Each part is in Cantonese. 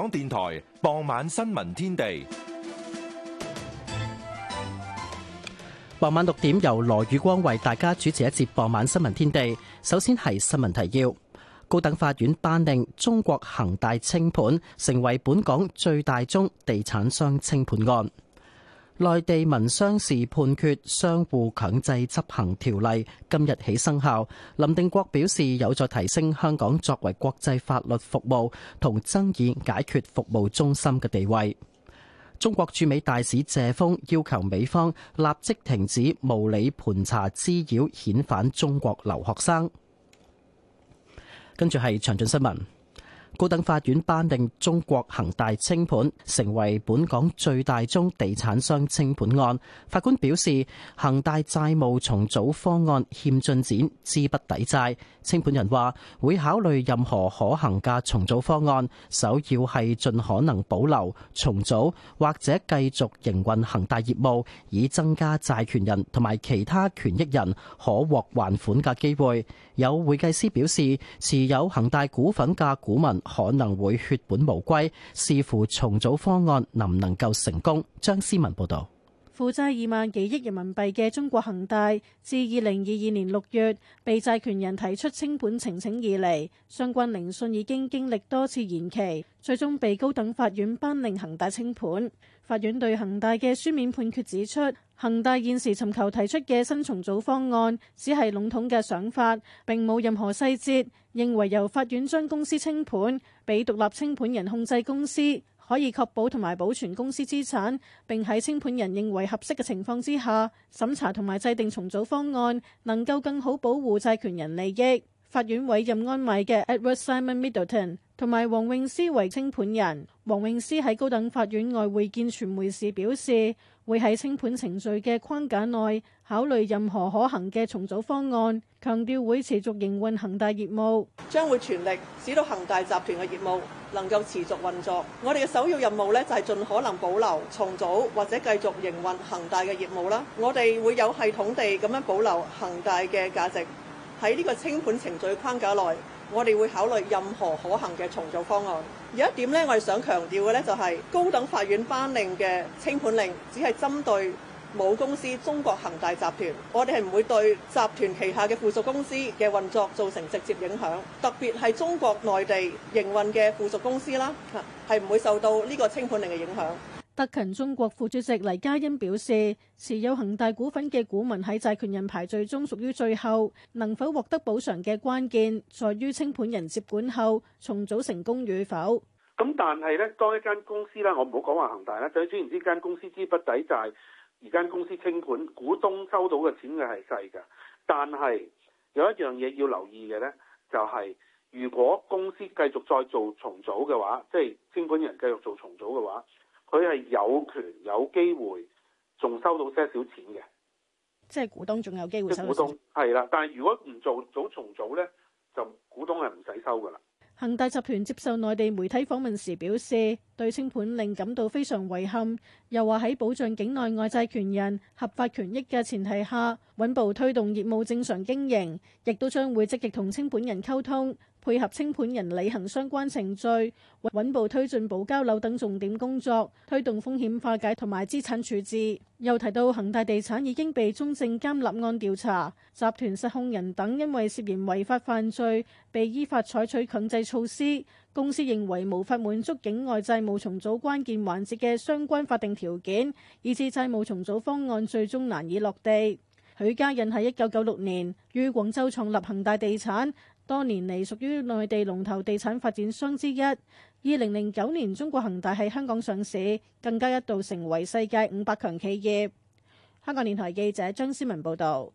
港電台傍晚新聞天地，傍晚六點由羅宇光為大家主持一節傍晚新聞天地。首先係新聞提要：高等法院頒令中國恒大清盤，成為本港最大宗地產商清盤案。內地民商事判決相互強制執行條例今日起生效。林定國表示，有助提升香港作為國際法律服務同爭議解決服務中心嘅地位。中國駐美大使謝鋒要求美方立即停止無理盤查滋擾，遣返中國留學生。跟住係詳盡新聞。高等法院頒令中國恆大清盤，成為本港最大宗地產商清盤案。法官表示，恆大債務重組方案欠進展，資不抵債。清盤人話，會考慮任何可行嘅重組方案，首要係盡可能保留、重組，或者繼續營運恆大業務，以增加債權人同埋其他權益人可獲還款嘅機會。有會計師表示，持有恆大股份嘅股民可能會血本無歸，視乎重組方案能唔能夠成功。張思文報導，負債二萬幾億人民幣嘅中國恒大，自二零二二年六月被債權人提出清盤呈請以嚟，相關聆訊已經經歷多次延期，最終被高等法院頒令恒大清盤。法院對恒大嘅書面判決指出：恒大現時尋求提出嘅新重組方案，只係籠統嘅想法，並冇任何細節。認為由法院將公司清盤，俾獨立清盤人控制公司，可以確保同埋保存公司資產。並喺清盤人認為合適嘅情況之下，審查同埋制定重組方案，能夠更好保護債權人利益。法院委任安邁嘅 Edward Simon Middleton 同埋黃詠詩為清盤人。黃詠詩喺高等法院外會見傳媒時表示，會喺清盤程序嘅框架內考慮任何可行嘅重組方案，強調會持續營運恒大業務，將會全力使到恒大集團嘅業務能夠持續運作。我哋嘅首要任務咧，就係盡可能保留重組或者繼續營運恒大嘅業務啦。我哋會有系統地咁樣保留恒大嘅價值。喺呢個清盤程序框架內，我哋會考慮任何可行嘅重組方案。有一點呢、就是，我哋想強調嘅呢，就係高等法院頒令嘅清盤令，只係針對母公司中國恒大集團，我哋係唔會對集團旗下嘅附屬公司嘅運作造成直接影響，特別係中國內地營運嘅附屬公司啦，係唔會受到呢個清盤令嘅影響。德勤中國副主席黎嘉欣表示，持有恒大股份嘅股民喺債權人排序中屬於最後，能否獲得補償嘅關鍵，在於清盤人接管後重組成功與否。咁但係咧，當一間公司啦，我唔好講話恒大啦，就算呢間公司資不抵債，而間公司清盤，股東收到嘅錢嘅係細㗎。但係有一樣嘢要留意嘅咧，就係如果公司繼續再做重組嘅話，即係清盤人繼續做重組嘅話。佢係有權有機會，仲收到些少錢嘅，即係股東仲有機會收錢。股東係啦，但係如果唔做早重組咧，就股東係唔使收噶啦。恒大集團接受內地媒體訪問時表示，對清盤令感到非常遺憾，又話喺保障境內外債權人合法權益嘅前提下，穩步推動業務正常經營，亦都將會積極同清盤人溝通。配合清盤人履行相關程序，穩步推進保交樓等重點工作，推動風險化解同埋資產處置。又提到恒大地產已經被中證監立案調查，集團實控人等因為涉嫌違法犯罪，被依法採取強制措施。公司認為無法滿足境外債務重組關鍵環節嘅相關法定條件，以致債務重組方案最終難以落地。許家印喺一九九六年於廣州創立恒大地產。多年嚟屬於內地龍頭地產發展商之一。二零零九年，中國恒大喺香港上市，更加一度成為世界五百強企業。香港電台記者張思文報導。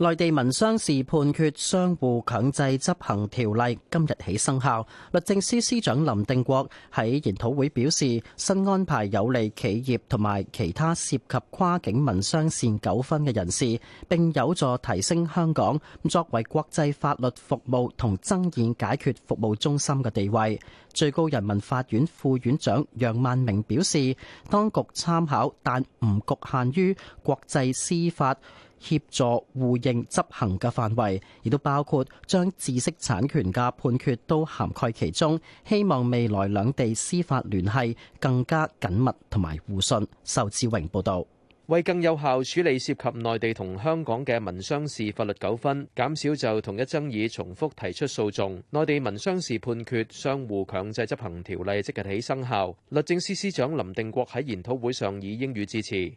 內地民商事判決相互強制執行條例今日起生效。律政司司長林定國喺研討會表示，新安排有利企業同埋其他涉及跨境民商事糾紛嘅人士，並有助提升香港作為國際法律服務同爭議解決服務中心嘅地位。最高人民法院副院長楊萬明表示，當局參考，但唔局限於國際司法。協助互認執行嘅範圍，亦都包括將知識產權嘅判決都涵蓋其中。希望未來兩地司法聯繫更加緊密同埋互信。仇志榮報導。為更有效處理涉及內地同香港嘅民商事法律糾紛，減少就同一爭議重複提出訴訟，內地民商事判決相互強制執行條例即日起生效。律政司司長林定國喺研討會上以英語致辭。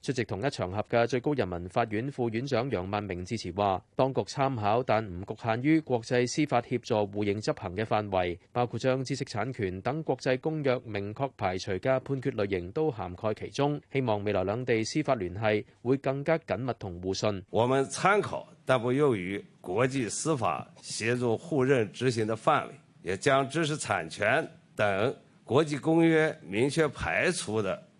出席同一場合嘅最高人民法院副院長楊萬明致辭話：，當局參考但唔局限於國際司法協助互認執行嘅範圍，包括將知識產權等國際公約明確排除嘅判決類型都涵蓋其中。希望未來兩地司法聯繫會更加緊密同互信。我們參考，但不用於國際司法協助互認執行的範圍，也將知識產權等國際公約明確排除的。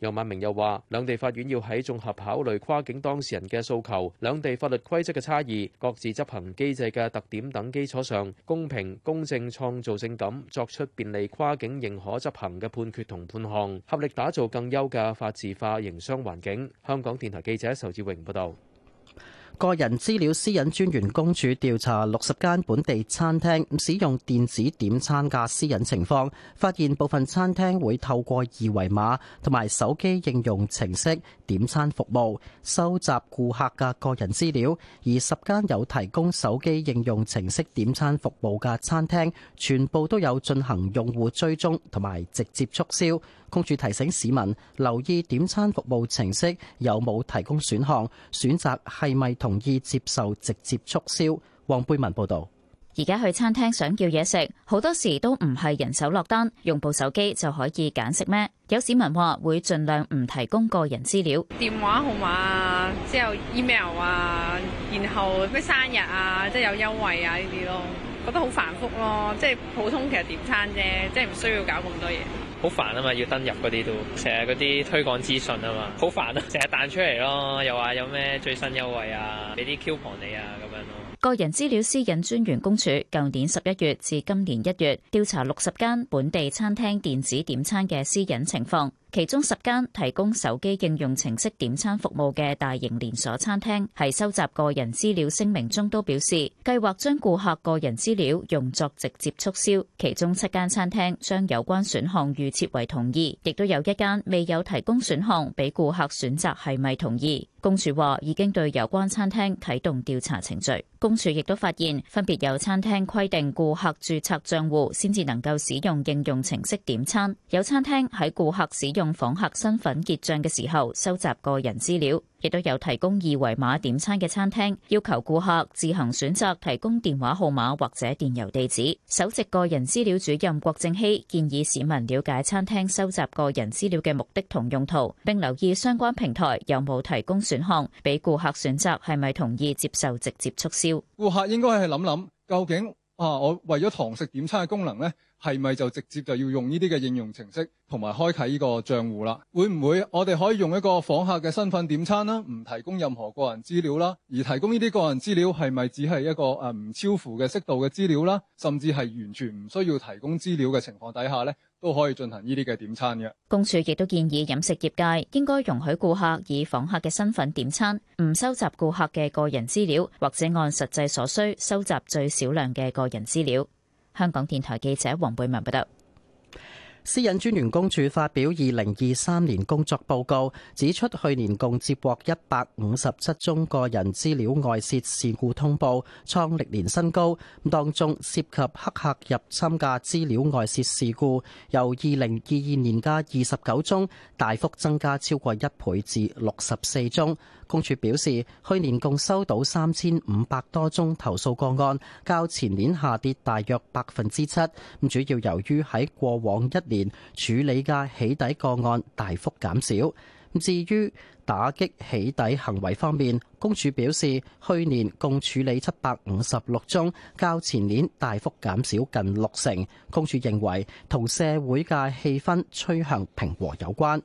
楊萬明又話,兩地法院要喺綜合考慮跨境當事人嘅訴求,兩地法律規則嘅差異,各自執行機制嘅特點等基礎上,公平公正創造性咁,作出便利跨境認可執行嘅判決同判項,合力打造更優嘅法治化營商環境,香港電台記者仇志榮報道。個人資料私隱專員公署調查六十間本地餐廳使用電子點餐嘅私隱情況，發現部分餐廳會透過二維碼同埋手機應用程式點餐服務收集顧客嘅個人資料，而十間有提供手機應用程式點餐服務嘅餐廳，全部都有進行用戶追蹤同埋直接促銷。公署提醒市民，留意點餐服務程式，有冇提供選項，選擇係咪同意接受直接促銷。黃貝文報導。而家去餐廳想叫嘢食，好多時都唔係人手落單，用部手機就可以揀食咩？有市民話會盡量唔提供個人資料。電話號碼啊，之後 email 啊，然後咩生日啊，即係有優惠啊呢啲咯，覺得好繁複咯，即係普通其實點餐啫，即係唔需要搞咁多嘢。好煩啊嘛，要登入嗰啲都，成日嗰啲推廣資訊啊嘛，好煩啊，成日彈出嚟咯，又話有咩最新優惠啊，俾啲 coupon 你啊咁樣咯。個人資料私隱專員公署舊年十一月至今年一月，調查六十間本地餐廳電子點餐嘅私隱情況。其中十間提供手機應用程式點餐服務嘅大型連鎖餐廳，喺收集個人資料聲明中都表示，計劃將顧客個人資料用作直接促銷。其中七間餐廳將有關選項預設為同意，亦都有一間未有提供選項俾顧客選擇係咪同意。公署話已經對有關餐廳啟動調查程序。公署亦都發現，分別有餐廳規定顧客註冊賬戶先至能夠使用應用程式點餐，有餐廳喺顧客使用。訪客身份結賬嘅時候，收集個人資料，亦都有提供二維碼點餐嘅餐廳，要求顧客自行選擇提供電話號碼或者電郵地址。首席個人資料主任郭正熙建議市民了解餐廳收集個人資料嘅目的同用途，並留意相關平台有冇提供選項，畀顧客選擇係咪同意接受直接促銷。顧客應該係諗諗究竟，我為咗堂食點餐嘅功能呢，係咪就直接就要用呢啲嘅應用程式，同埋開啟呢個賬戶啦？會唔會我哋可以用一個訪客嘅身份點餐啦？唔提供任何個人資料啦，而提供呢啲個人資料係咪只係一個誒唔超乎嘅適度嘅資料啦？甚至係完全唔需要提供資料嘅情況底下呢，都可以進行呢啲嘅點餐嘅？公署亦都建議飲食業界應該容許顧客以訪客嘅身份點餐，唔收集顧客嘅個人資料，或者按實際所需收集最少量嘅個人資料。香港電台記者黃貝文報道，私隱專員公署發表二零二三年工作報告，指出去年共接獲一百五十七宗個人資料外泄事故通報，創歷年新高。咁當中涉及黑客入侵嘅資料外泄事故，由二零二二年嘅二十九宗大幅增加超過一倍至六十四宗。公署表示，去年共收到三千五百多宗投訴個案，較前年下跌大約百分之七。咁主要由於喺過往一年處理嘅起底個案大幅減少。至於打擊起底行為方面，公署表示，去年共處理七百五十六宗，較前年大幅減少近六成。公署認為同社會嘅氣氛趨向平和有關。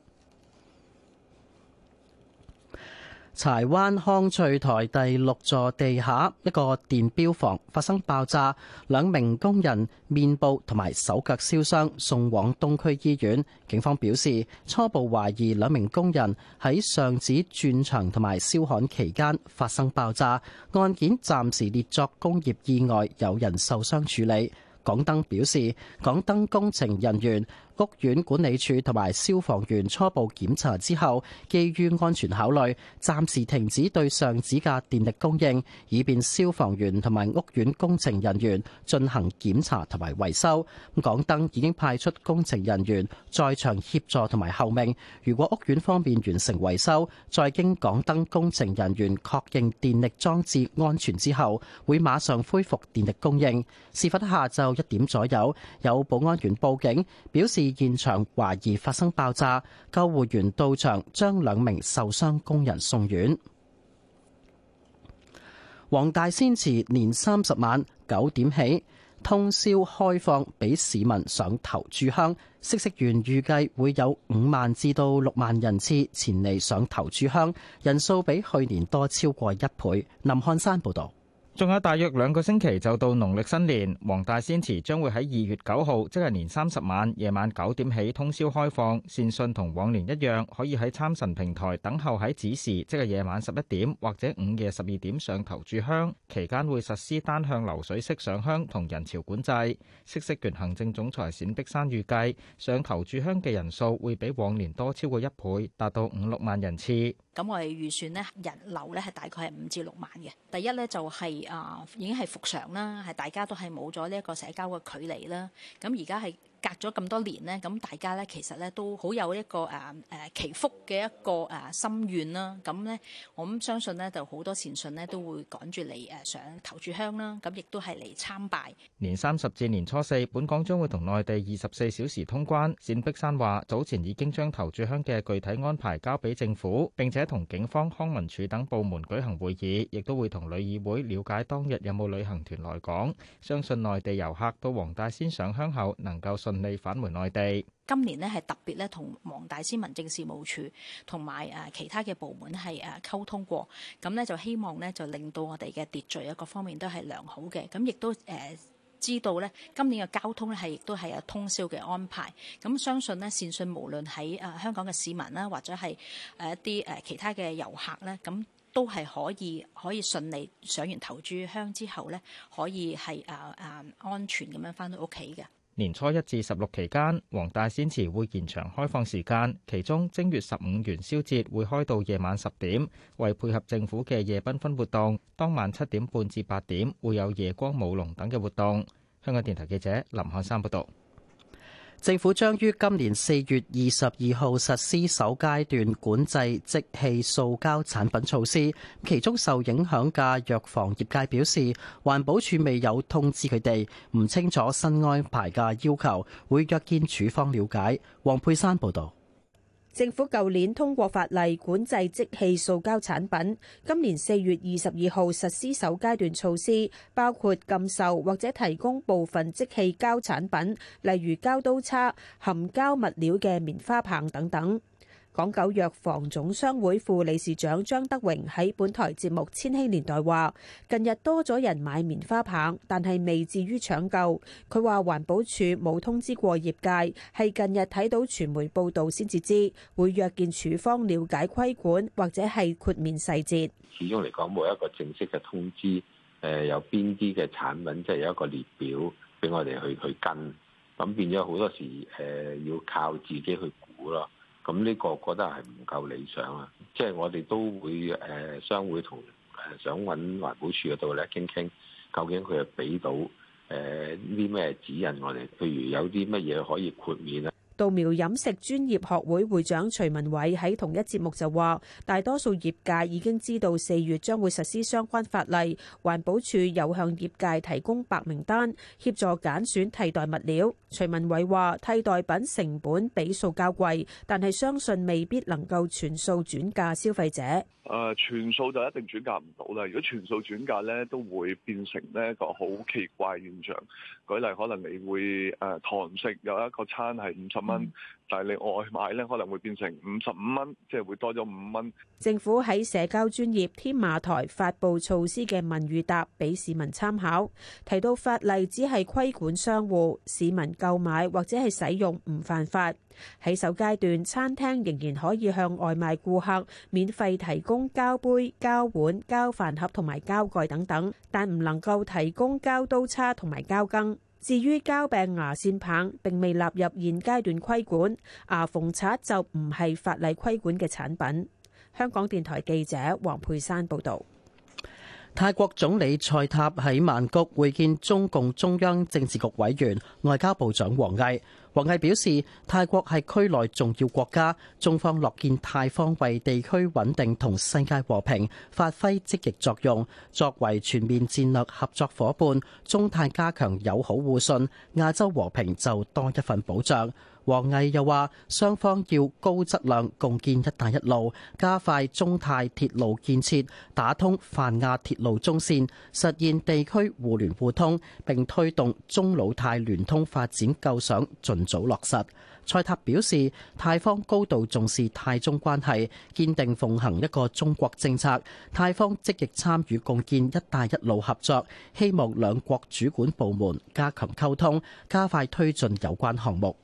柴灣康翠臺第六座地下一個電標房發生爆炸，兩名工人面部同埋手腳燒傷，送往東區醫院。警方表示初步懷疑兩名工人喺上址鑽牆同埋燒焊期間發生爆炸，案件暫時列作工業意外，有人受傷處理。港燈表示，港燈工程人員。屋苑管理處同埋消防員初步檢查之後，基於安全考慮，暫時停止對上址嘅電力供應，以便消防員同埋屋苑工程人員進行檢查同埋維修。咁港燈已經派出工程人員在場協助同埋候命。如果屋苑方面完成維修，再經港燈工程人員確認電力裝置安全之後，會馬上恢復電力供應。事發下晝一點左右，有保安員報警表示。現場懷疑發生爆炸，救護員到場將兩名受傷工人送院。黃大仙祠年三十晚九點起通宵開放，俾市民上頭柱香。嗇色園預計會有五萬至到六萬人次前嚟上頭柱香，人數比去年多超過一倍。林漢山報道。仲有大約兩個星期就到農曆新年，黃大仙祠將會喺二月九號，即係年三十晚夜晚九點起通宵開放。善信同往年一樣，可以喺參神平台等候喺子時，即係夜晚十一點或者午夜十二點上頭柱香。期間會實施單向流水式上香同人潮管制。嗇色園行政總裁冼碧珊預計上頭柱香嘅人數會比往年多超過一倍，達到五六萬人次。咁我哋預算呢，人流呢係大概係五至六萬嘅。第一呢，就係、是。啊，已經係復常啦，係大家都係冇咗呢一個社交嘅距離啦，咁而家係。隔咗咁多年咧，咁大家咧其實咧都好有一個誒誒祈福嘅一個誒心願啦。咁咧，我諗相信咧就好多善信咧都會趕住嚟誒上頭炷香啦。咁亦都係嚟參拜。年三十至年初四，本港將會同內地二十四小時通關。冼碧山話：早前已經將頭炷香嘅具體安排交俾政府，並且同警方、康文署等部門舉行會議，亦都會同旅議會了解當日有冇旅行團來港。相信內地遊客到黃大仙上香後，能夠順順利返回內地。今年咧係特別咧，同黃大仙民政事務處同埋其他嘅部門係誒溝通過，咁咧就希望咧就令到我哋嘅秩序啊各方面都係良好嘅。咁亦都知道咧，今年嘅交通咧係亦都係有通宵嘅安排。咁相信呢，善信無論喺香港嘅市民啦，或者係誒一啲誒其他嘅遊客咧，咁都係可以可以順利上完頭炷香之後咧，可以係誒誒安全咁樣翻到屋企嘅。年初一至十六期間，黃大仙祠會延長開放時間，其中正月十五元宵節會開到夜晚十點。為配合政府嘅夜繽紛活動，當晚七點半至八點會有夜光舞龍等嘅活動。香港電台記者林漢山報導。政府將於今年四月二十二號實施首階段管制即棄塑膠產品措施，其中受影響嘅藥房業界表示，環保署未有通知佢哋，唔清楚新安排嘅要求，會約見署方了解。黃佩珊報道。政府舊年通過法例管制即棄塑膠產品，今年四月二十二號實施首階段措施，包括禁售或者提供部分即棄膠產品，例如膠刀叉、含膠物料嘅棉花棒等等。港九藥房總商會副理事長張德榮喺本台節目《千禧年代》話：近日多咗人買棉花棒，但係未至於搶購。佢話環保署冇通知過業界，係近日睇到傳媒報道先至知會約見處方了解規管或者係豁免細節。始終嚟講冇一個正式嘅通知，誒有邊啲嘅產品即係有一個列表俾我哋去去跟，咁變咗好多時誒、呃、要靠自己去估咯。咁呢個覺得係唔夠理想啊！即係我哋都會誒，商、呃、會同誒、呃、想揾環保署嗰度咧傾傾，究竟佢俾到誒啲咩指引我哋？譬如有啲乜嘢可以豁免啊？稻苗飲食專業學會會長徐文偉喺同一節目就話，大多數業界已經知道四月將會實施相關法例，環保署有向業界提供白名單，協助揀選替代物料。徐文偉話，替代品成本比數較貴，但係相信未必能夠全數轉嫁消費者。誒，全數就一定轉嫁唔到啦。如果全數轉嫁呢，都會變成呢一個好奇怪現象。舉例，可能你會誒堂、呃、食有一個餐係五十蚊。嗯但你外賣咧，可能會變成五十五蚊，即係會多咗五蚊。政府喺社交專業天馬台發布措施嘅問與答，俾市民參考。提到法例只係規管商戶，市民購買或者係使用唔犯法。喺首階段，餐廳仍然可以向外賣顧客免費提供膠杯、膠碗、膠飯盒同埋膠蓋等等，但唔能夠提供膠刀叉同埋膠羹。至於膠柄牙線棒並未納入現階段規管，牙縫刷就唔係法例規管嘅產品。香港電台記者黃佩珊報導。泰國總理蔡塔喺曼谷會見中共中央政治局委員、外交部長王毅。王毅表示，泰國係區內重要國家，中方樂見泰方為地區穩定同世界和平發揮積極作用。作為全面戰略合作伙伴，中泰加強友好互信，亞洲和平就多一份保障。王毅又話：雙方要高質量共建“一帶一路”，加快中泰鐵路建設，打通泛亞鐵路中線，實現地區互聯互通，並推動中老泰聯通發展構想盡早落實。蔡塔表示，泰方高度重視泰中關係，堅定奉行一個中國政策。泰方積極參與共建“一帶一路”合作，希望兩國主管部門加強溝通，加快推進有關項目。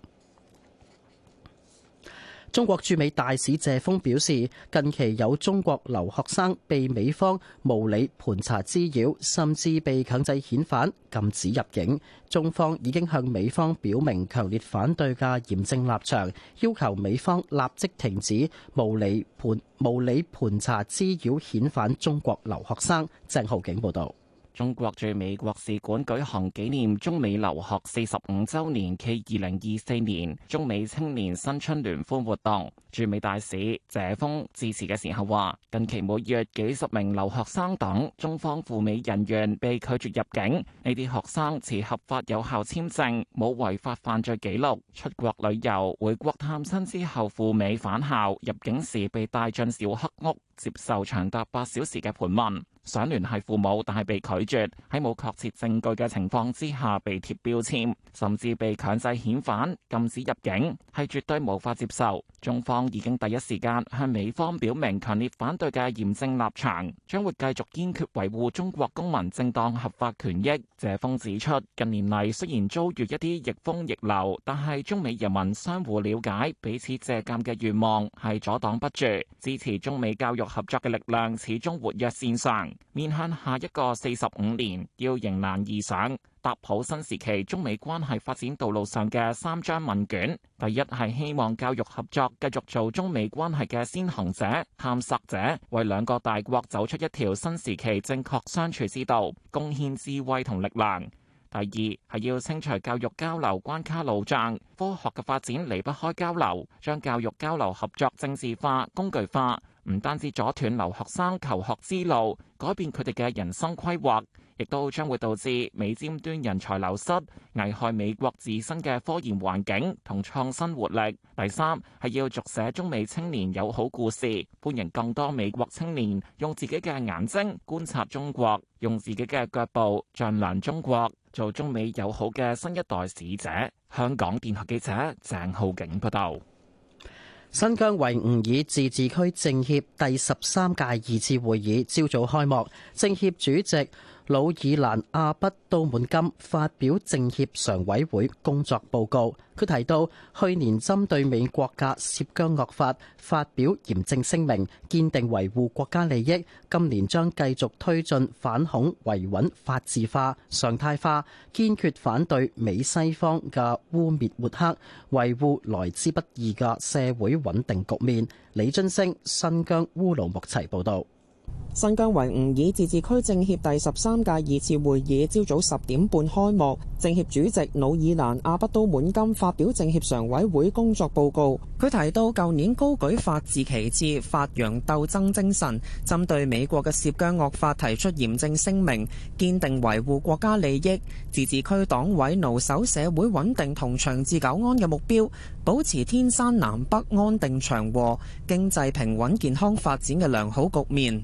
中國駐美大使謝鋒表示，近期有中國留學生被美方無理盤查滋擾，甚至被強制遣返、禁止入境。中方已經向美方表明強烈反對嘅嚴正立場，要求美方立即停止無理盤無理盤查滋擾、遣返中國留學生。鄭浩景報道。中國駐美國使館舉行紀念中美留學四十五周年暨二零二四年中美青年新春聯歡活動。駐美大使謝鋒致辭嘅時候話，近期每月幾十名留學生等中方赴美人員被拒絕入境，呢啲學生持合法有效簽證，冇違法犯罪記錄，出國旅遊、回國探親之後赴美返校，入境時被帶進小黑屋，接受長達八小時嘅盤問，想聯繫父母但係被拒絕，喺冇確切證據嘅情況之下被貼標籤，甚至被強制遣返、禁止入境，係絕對無法接受。中方已經第一時間向美方表明強烈反對嘅嚴正立場，將會繼續堅決維護中國公民正當合法權益。謝鋒指出，近年嚟雖然遭遇一啲逆風逆流，但係中美人民相互了解、彼此借鑑嘅願望係阻擋不住，支持中美教育合作嘅力量始終活躍線上，面向下一個四十五年，要迎難而上，答好新時期中美關係發展道路上嘅三張問卷。第一係希望教育合作繼續做中美關係嘅先行者、探索者，為兩個大國走出一條新時期正確相處之道貢獻智慧同力量。第二係要清除教育交流關卡路障，科學嘅發展離不開交流，將教育交流合作政治化、工具化。唔單止阻斷留學生求學之路，改變佢哋嘅人生規劃，亦都將會導致美尖端人才流失，危害美國自身嘅科研環境同創新活力。第三係要續寫中美青年友好故事，歡迎更多美國青年用自己嘅眼睛觀察中國，用自己嘅腳步丈量中國，做中美友好嘅新一代使者。香港電台記者鄭浩景報道。新疆維吾爾自治區政協第十三屆二次會議朝早開幕，政協主席，努爾蘭阿不都滿金發表政協常委會工作報告，佢提到去年針對美國嘅涉疆惡法發表嚴正聲明，堅定維護國家利益。今年將繼續推進反恐維穩法治化常態化，堅決反對美西方嘅污蔑抹黑，維護來之不易嘅社會穩定局面。李津升新疆烏魯木齊報道。新疆維吾爾自治區政協第十三屆二次會議朝早十點半開幕，政協主席努爾蘭阿不都滿金發表政協常委會工作報告。佢提到，舊年高舉法治旗幟，發揚鬥爭精神，針對美國嘅涉疆惡法提出嚴正聲明，堅定維護國家利益，自治區黨委牢守社會穩定同長治久安嘅目標，保持天山南北安定祥和、經濟平穩健康發展嘅良好局面。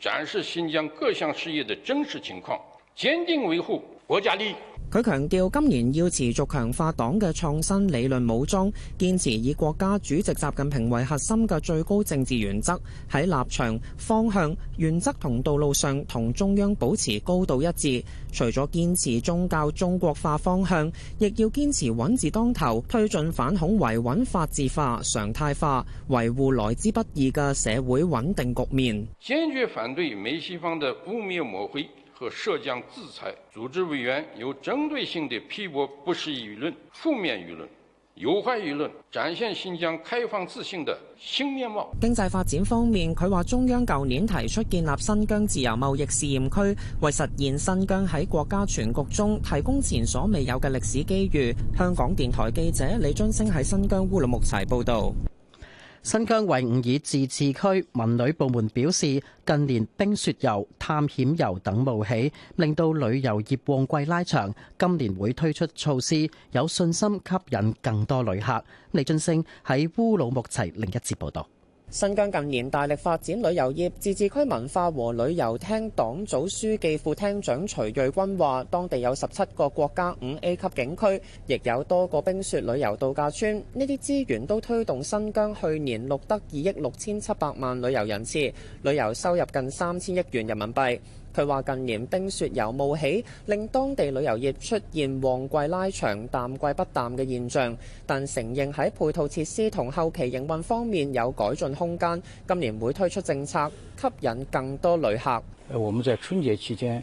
展示新疆各項事業的真實情況，堅定維護國家利益。佢強調，今年要持續強化黨嘅創新理論武裝，堅持以國家主席習近平為核心嘅最高政治原則，喺立場、方向、原則同道路上同中央保持高度一致。除咗堅持宗教中國化方向，亦要堅持穩字當頭，推進反恐維穩法治化、常態化，維護來之不易嘅社會穩定局面。堅決反對美西方嘅污衊抹黑。和涉疆制裁，組織委員有針對性地批駁不實輿論、負面輿論、有壞輿論，展現新疆開放自信的新面貌。經濟發展方面，佢話中央舊年提出建立新疆自由貿易試驗區，為實現新疆喺國家全局中提供前所未有嘅歷史機遇。香港電台記者李津升喺新疆烏魯木齊報道。新疆維吾爾自治區文旅部門表示，近年冰雪遊、探險遊等冒起，令到旅遊業旺季拉長。今年會推出措施，有信心吸引更多旅客。李俊勝喺烏魯木齊另一節報道。新疆近年大力發展旅遊業，自治區文化和旅遊廳黨組書記副廳長徐瑞軍話當地有十七個國家五 A 級景區，亦有多個冰雪旅遊度假村，呢啲資源都推動新疆去年錄得二億六千七百萬旅遊人次，旅遊收入近三千億元人民幣。佢話：近年冰雪遊冒起，令當地旅遊業出現旺季拉長、淡季不淡嘅現象。但承認喺配套設施同後期營運方面有改進空間。今年會推出政策，吸引更多旅客。我們在春節期間，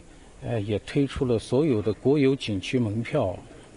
也推出了所有的國有景區門票。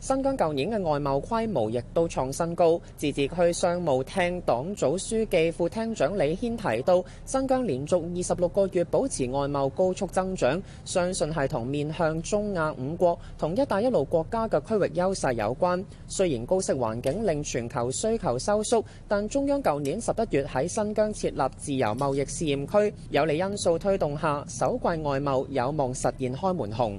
新疆舊年嘅外貿規模亦都創新高，自治區商務廳黨組書記副廳長李軒提到，新疆連續二十六個月保持外貿高速增長，相信係同面向中亞五國同「一帶一路」國家嘅區域優勢有關。雖然高息環境令全球需求收縮，但中央舊年十一月喺新疆設立自由貿易試驗區，有利因素推動下，首季外貿有望實現開門紅。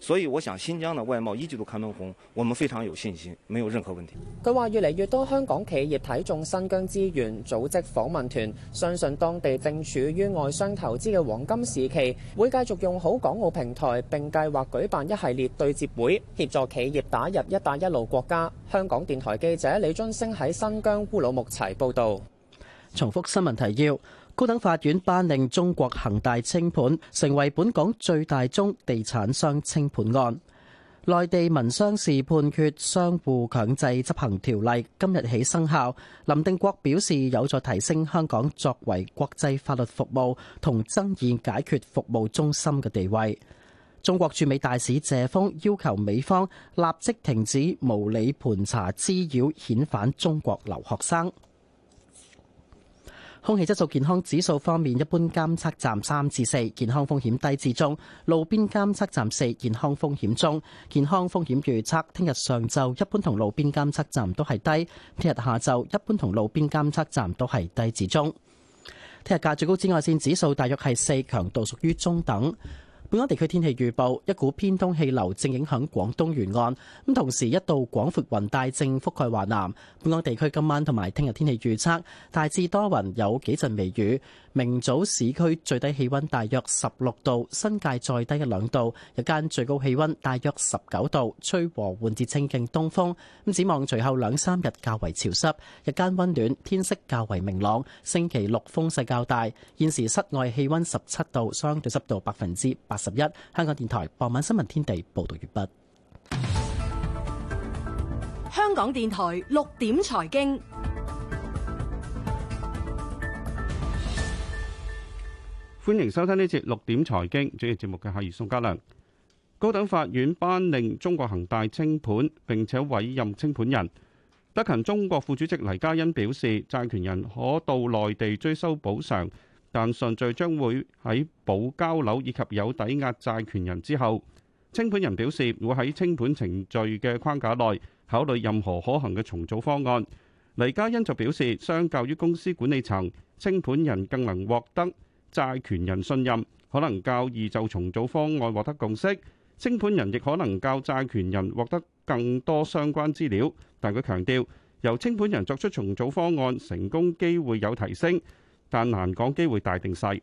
所以我想新疆嘅外貿一季度開門紅，我們非常有信心，沒有任何問題。佢話越嚟越多香港企業睇中新疆資源，組織訪問團，相信當地正處於外商投資嘅黃金時期，會繼續用好港澳平台，並計劃舉辦一系列對接會，協助企業打入一帶一路國家。香港電台記者李津升喺新疆烏魯木齊報道。重複新聞提要。高等法院頒令中國恒大清盤成為本港最大宗地產商清盤案。內地民商事判決相互強制執行條例今日起生效，林定國表示有助提升香港作為國際法律服務、同爭議解決服務中心的地位。中國駐美大使謝鋒要求美方立即停止無理盤查滋擾遣返中國留學生。空氣質素健康指數方面，一般監測站三至四，健康風險低至中；路邊監測站四，健康風險中。健康風險預測：聽日上晝一般同路邊監測站都係低；聽日下晝一般同路邊監測站都係低至中。聽日嘅最高紫外線指數大約係四，強度屬於中等。本港地區天氣預報：一股偏東氣流正影響廣東沿岸，咁同時一道廣闊雲帶正覆蓋華南。本港地區今晚同埋聽日天氣預測，大致多雲，有幾陣微雨。明早市區最低氣溫大約十六度，新界再低一兩度，日間最高氣溫大約十九度，吹和緩至清勁東風。咁展望隨後兩三日較為潮濕，日間溫暖，天色較為明朗。星期六風勢較大。現時室外氣溫十七度，相對濕度百分之八十一。香港電台傍晚新聞天地報道完畢。香港電台六點財經。歡迎收聽呢節六點財經主持節目嘅係宋嘉良。高等法院頒令中國恒大清盤，並且委任清盤人。德勤中國副主席黎嘉欣表示，債權人可到內地追收補償，但順序將會喺保交樓以及有抵押債權人之後。清盤人表示會喺清盤程序嘅框架內考慮任何可行嘅重組方案。黎嘉欣就表示，相較於公司管理層，清盤人更能獲得。債權人信任可能較易就重組方案獲得共識，清盤人亦可能較債權人獲得更多相關資料。但佢強調，由清盤人作出重組方案，成功機會有提升，但難講機會大定細。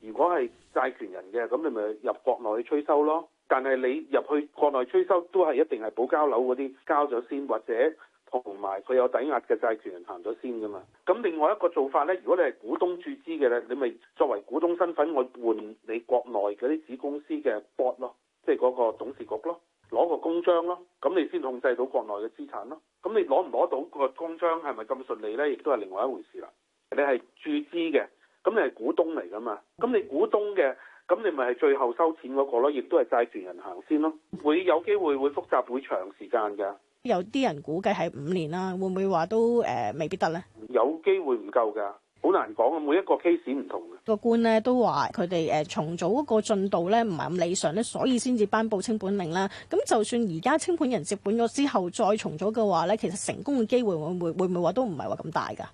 如果係債權人嘅，咁你咪入國內去催收咯。但係你入去國內催收都係一定係補交樓嗰啲，交咗先，或者。同埋佢有抵押嘅債權人行咗先噶嘛？咁另外一個做法呢，如果你係股東注資嘅呢，你咪作為股東身份我換你國內嗰啲子公司嘅 board 咯，即係嗰個董事局咯，攞個公章咯，咁你先控制到國內嘅資產咯。咁你攞唔攞到個公章係咪咁順利呢？亦都係另外一回事啦。你係注資嘅，咁你係股東嚟噶嘛？咁你股東嘅，咁你咪係最後收錢嗰個咯，亦都係債權人行先咯。會有機會會複雜，會長時間㗎。有啲人估計係五年啦，會唔會話都誒、呃、未必得咧？有機會唔夠㗎，好難講啊！每一個 case 唔同嘅個官咧都話佢哋誒重組嗰個進度咧唔係咁理想咧，所以先至頒布清盤令啦。咁就算而家清盤人接盤咗之後再重組嘅話咧，其實成功嘅機會會唔會會唔會話都唔係話咁大㗎？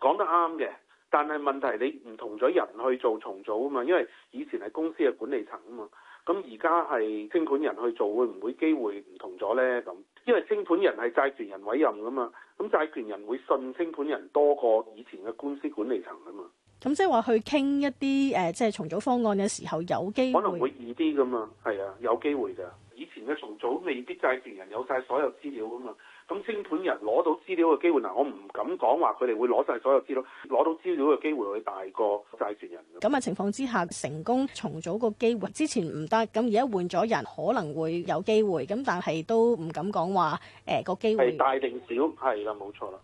講得啱嘅，但係問題是你唔同咗人去做重組啊嘛，因為以前係公司嘅管理層啊嘛，咁而家係清盤人去做，會唔會機會唔同咗咧？咁。因為清盤人係債權人委任噶嘛，咁債權人會信清盤人多過以前嘅公司管理層噶嘛。咁即係話去傾一啲誒，即、呃、係、係、重組方案嘅時候有，有機會可能會易啲噶嘛，係啊，有機會噶。以前嘅重組未必債權人有晒所有資料噶嘛。咁，清盤人攞到資料嘅機會嗱，我唔敢講話佢哋會攞晒所有資料，攞到資料嘅機會會大過債權人，咁嘅情況之下，成功重組個機會之前唔得，咁而家換咗人可能會有機會，咁但係都唔敢講話誒個機會係大定少。係啦，冇錯啦。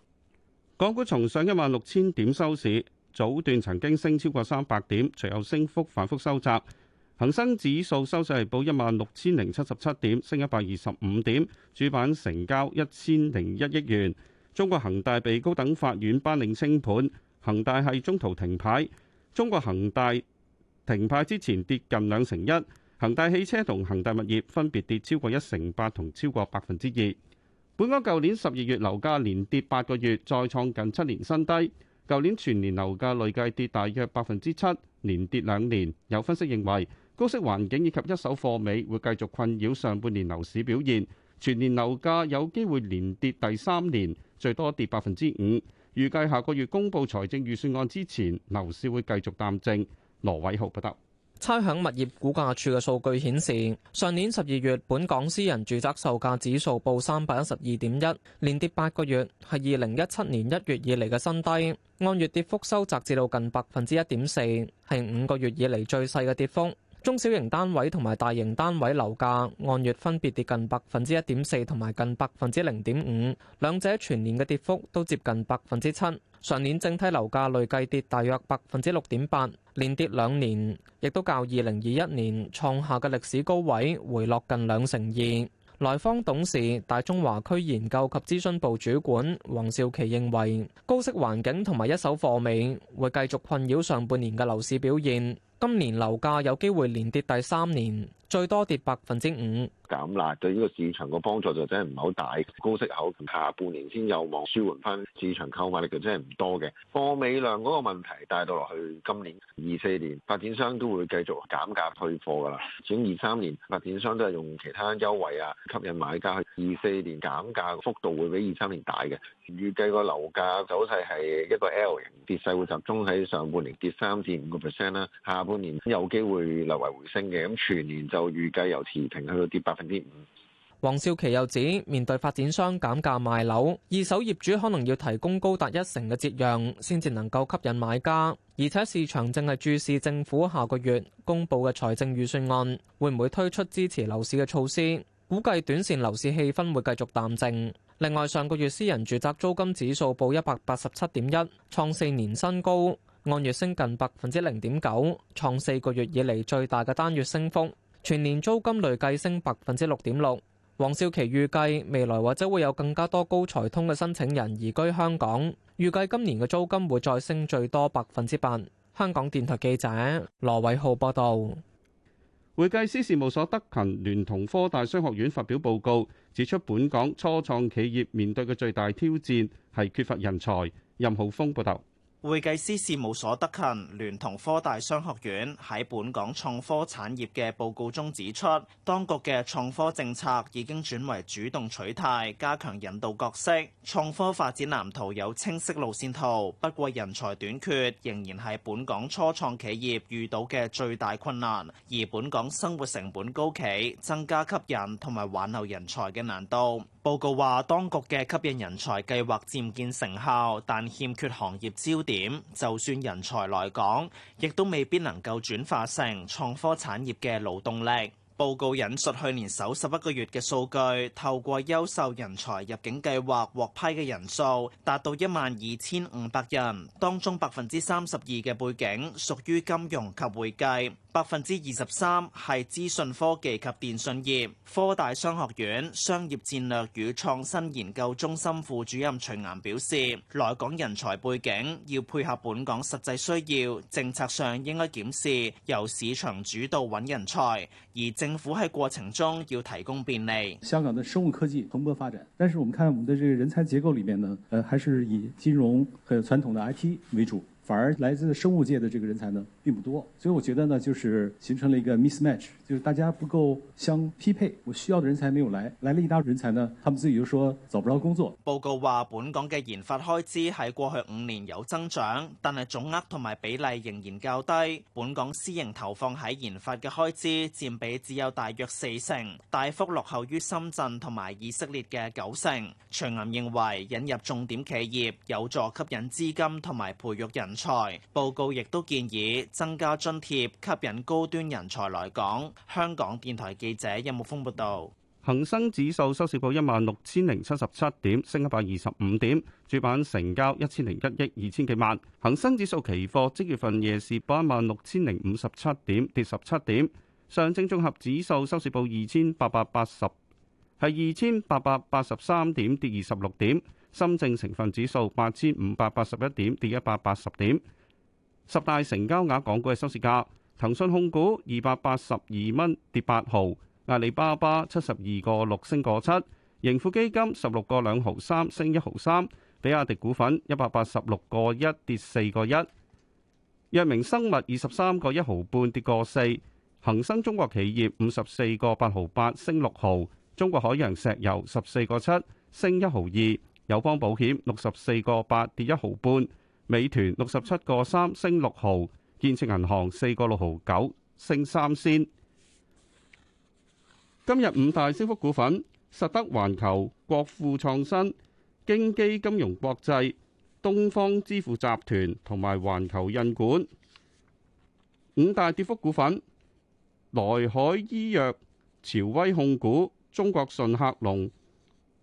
港股重上一萬六千點收市，早段曾經升超過三百點，隨後升幅反覆收窄。恒生指數收市係報一萬六千零七十七點，升一百二十五點，主板成交一千零一億元。中國恒大被高等法院頒令清盤，恒大系中途停牌。中國恒大停牌之前跌近兩成一，恒大汽車同恒大物業分別跌超過一成八同超過百分之二。本港舊年十二月樓價連跌八個月，再創近七年新低。舊年全年樓價累計跌大約百分之七，連跌兩年。有分析認為，高息環境以及一手貨尾會繼續困擾上半年樓市表現，全年樓價有機會連跌第三年，最多跌百分之五。預計下個月公布財政預算案之前，樓市會繼續淡靜。羅偉浩報道。差餉物業估價署嘅數據顯示，上年十二月本港私人住宅售價指數報三百一十二點一，連跌八個月，係二零一七年一月以嚟嘅新低，按月跌幅收窄至到近百分之一點四，係五個月以嚟最細嘅跌幅。中小型單位同埋大型單位樓價按月分別跌近百分之一點四同埋近百分之零點五，兩者全年嘅跌幅都接近百分之七。上年整體樓價累計跌大約百分之六點八，連跌兩年，亦都較二零二一年創下嘅歷史高位回落近兩成二。萊坊董事、大中華區研究及諮詢部主管黃少琪認為，高息環境同埋一手貨尾會繼續困擾上半年嘅樓市表現，今年樓價有機會連跌第三年，最多跌百分之五。減辣對呢個市場個幫助就真係唔係好大，高息口下半年先有望舒緩翻市場購買力，就真係唔多嘅貨尾量嗰個問題帶到落去今年二四年發展商都會繼續減價退貨㗎啦。至於二三年發展商都係用其他優惠啊吸引買家，去。二四年減價幅度會比二三年大嘅。預計個樓價走勢係一個 L 型跌勢，會集中喺上半年跌三至五個 percent 啦，下半年有機會略為回升嘅。咁全年就預計由持平去到跌百。黃少琪又指，面對發展商減價賣樓，二手業主可能要提供高達一成嘅折讓，先至能夠吸引買家。而且市場正係注視政府下個月公布嘅財政預算案，會唔會推出支持樓市嘅措施，估計短線樓市氣氛會繼續淡靜。另外，上個月私人住宅租金指數報一百八十七點一，創四年新高，按月升近百分之零點九，創四個月以嚟最大嘅單月升幅。全年租金累計升百分之六點六。黃少奇預計未來或者會有更加多高才通嘅申請人移居香港，預計今年嘅租金會再升最多百分之八。香港電台記者羅偉浩報道。會計師事務所德勤聯同科大商學院發表報告，指出本港初創企業面對嘅最大挑戰係缺乏人才。任浩峰報道。會計師事務所德勤聯同科大商學院喺本港創科產業嘅報告中指出，當局嘅創科政策已經轉為主動取態，加強引導角色。創科發展藍圖有清晰路線圖，不過人才短缺仍然係本港初創企業遇到嘅最大困難。而本港生活成本高企，增加吸引同埋挽留人才嘅難度。報告話，當局嘅吸引人才計劃漸見成效，但欠缺行業焦點。就算人才來港，亦都未必能夠轉化成創科產業嘅勞動力。報告引述去年首十一個月嘅數據，透過優秀人才入境計劃獲批嘅人數達到一萬二千五百人，當中百分之三十二嘅背景屬於金融及會計，百分之二十三係資訊科技及電訊業。科大商學院商業戰略與創新研究中心副主任徐岩表示，來港人才背景要配合本港實際需要，政策上應該檢視由市場主導揾人才，而政政府在過程中要提供便利。香港的生物科技蓬勃發展，但是我們看我們的這個人才結構裏面呢，呃，還是以金融和傳統的 IT 為主，反而來自生物界的這個人才呢並不多。所以我覺得呢，就是形成了一個 mismatch。就是大家不夠相匹配，我需要的人才沒有來，來了一大堆人才呢，他們自己就說找不着工作。報告話，本港嘅研發開支喺過去五年有增長，但係總額同埋比例仍然較低。本港私營投放喺研發嘅開支佔比只有大約四成，大幅落後於深圳同埋以色列嘅九成。長岩認為引入重點企業有助吸引資金同埋培育人才。報告亦都建議增加津貼，吸引高端人才來港。香港電台記者任木峰報道，恒生指數收市報一萬六千零七十七點，升一百二十五點，主板成交一千零一億二千幾萬。恒生指數期貨即月份夜市報一萬六千零五十七點，跌十七點。上證綜合指數收市報二千八百八十，係二千八百八十三點，跌二十六點。深證成分指數八千五百八十一點，跌一百八十點。十大成交額港股嘅收市價。騰訊控股二百八十二蚊跌八毫，阿里巴巴七十二個六升個七，盈富基金十六個兩毫三升一毫三，比亞迪股份一百八十六個一跌四個一，藥明生物二十三個一毫半跌個四，恒生中國企業五十四個八毫八升六毫，中國海洋石油十四個七升一毫二，友邦保險六十四個八跌一毫半，美團六十七個三升六毫。建設銀行四個六毫九升三仙。今日五大升幅股份：實德環球、國富創新、京基金融國際、東方支付集團同埋環球印館。五大跌幅股份：內海醫藥、潮威控股、中國順客隆、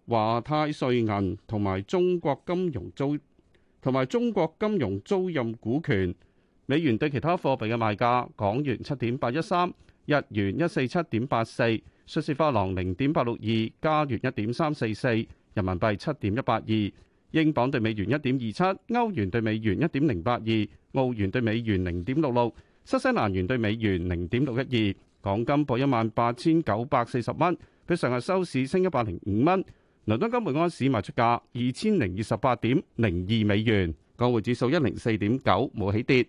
華泰瑞銀同埋中國金融租同埋中國金融租賃股權。美元對其他貨幣嘅賣價：港元七點八一三，日元一四七點八四，瑞士法郎零點八六二，加元一點三四四，人民幣七點一八二，英鎊對美元一點二七，歐元對美元一點零八二，澳元對美元零點六六，新西蘭元對美元零點六一二。港金報一萬八千九百四十蚊，比上日收市升一百零五蚊。倫敦金每安士賣出價二千零二十八點零二美元，港匯指數一零四點九，冇起跌。